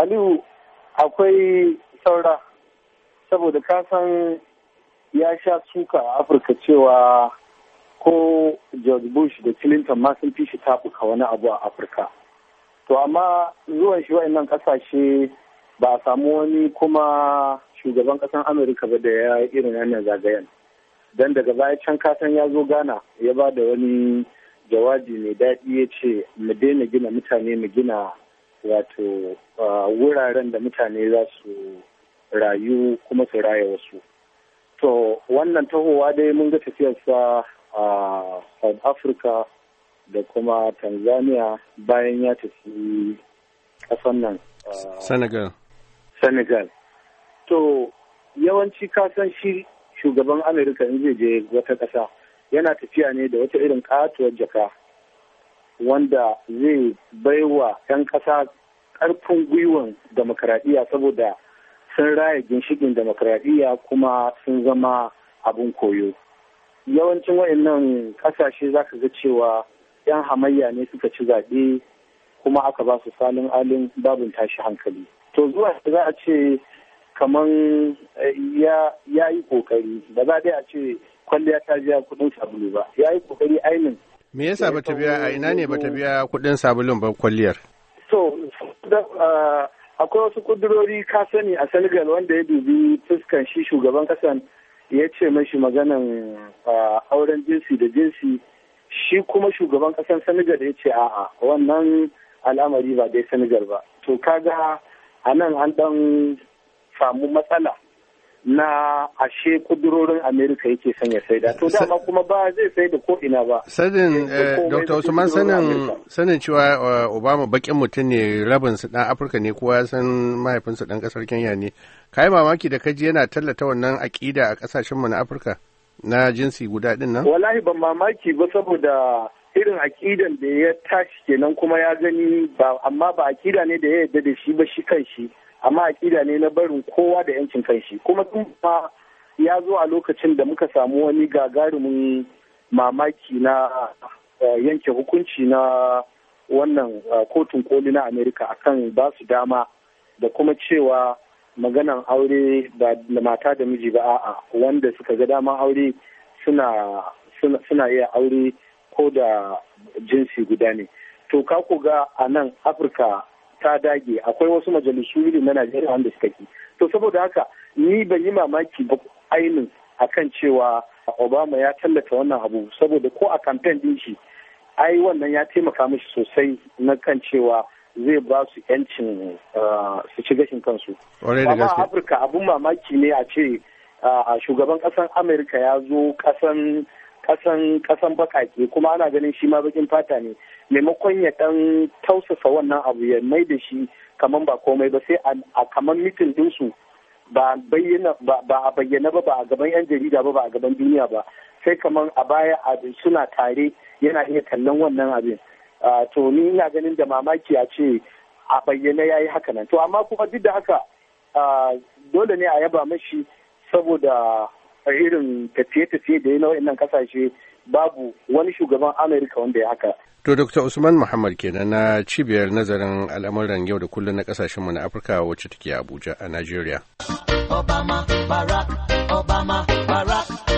aliyu akwai saura saboda kasan ya sha suka a afirka cewa ko george bush da clinton ma sun fi shi taɓuka wani abu a afirka to amma zuwan shi nan ƙasashe ba a samu wani kuma shugaban ƙasar amurka ba da ya irin wannan zagayen don daga baya can kasan ya zo ghana ya ba da wani jawabi mai daɗi ya ce mu daina gina mutane mu gina wato wuraren da mutane za su rayu kuma su raya wasu to wannan tahowa dai mun ga tafiyarsa a south africa da kuma tanzania bayan ya tafi kasan nan senegal senegal to yawanci kasan shi shugaban amerika in zai je wata ƙasa yana tafiya ne da wata irin katuwar jaka wanda zai baiwa 'yan ƙasa karfin gwiwan demokradiyya saboda sun raya ginshikin demokradiyya kuma sun zama abin koyo yawancin wayannan ƙasashe za ka ga cewa 'yan hamayya ne suka ci zaɓe kuma aka ba su salin alin babin tashi hankali to zuwa za a ce kamar eh, ya yi kokari ba za a ce kwalliya ta biya kudin sabulu ba ya yi kokari ainin me yasa bata biya a ina ne bata biya kudin sabulun ba kwalliyar akwai wasu kudurori ka sani a Senegal wanda ya dubi fuskan shi shugaban kasan ya ce mashi maganan auren jinsi da jinsi shi kuma shugaban kasan Senegal ya ce a'a wannan al'amari ba dai Senegal ba to kaga a nan an dan samu matsala na ashe kudurorin amerika yake sanya saida to dama kuma ba zai sai da ko ina ba sanin dr eh, usman sanin sanin cewa eh, obama bakin mutum ne rabin su dan afirka ne kowa ya san mahaifinsa dan kasar kenya ne kai mamaki da kaji yana tallata wannan akida a kasashen mu na afirka na jinsi guda din nan wallahi ban mamaki ba saboda irin aƙidan da ya tashi kenan kuma ya gani ba amma ba aƙida ne da ya yarda da shi ba shi kan shi amma aƙida ne na barin kowa da yancin kan shi kuma tun ma ya zo a lokacin da muka samu wani gagarumin mamaki na eh, yanke hukunci na wannan eh, kotun koli na amerika akan ba su dama da kuma cewa maganan aure ba da mata da miji ba a'a wanda suka ga daman aure suna iya aure ko da jinsi guda ne to ka ga a nan afirka ta dage akwai wasu majalisu irin na najeriya wanda suka ki to saboda haka ni ban yi mamaki ba ainin akan cewa obama ya tallata wannan abu saboda ko a kamfen din shi ai wannan ya taimaka mishi sosai na kan cewa zai ba su yancin ah, su ci gashin kansu amma a afirka abun mamaki ne a ce ah, shugaban kasan amurka ya zo kasan kasan kasan bakaki kuma ana ganin shi ma bakin fata ne maimakon ya dan tausasa wannan abu ya mai da shi kaman ba komai ba sai a kaman mitin dinsu ba bayyana ba a bayyana ba ba a gaban yan jarida ba ba a gaban duniya ba sai kaman a baya abin suna tare yana iya kallon wannan abin to ni ina ganin da mamaki a ce a bayyana yayi haka nan to amma kuma duk da haka dole ne a yaba mashi saboda a irin tafiye-tafiye da ya na nan kasashe babu wani shugaban Amurka wanda ya haka. To Dr. Usman Muhammad kenan na cibiyar nazarin al'amuran yau da kullum na kasashen mu na Afirka wacce take Abuja a Najeriya. Obama, Barack, Obama, Barack.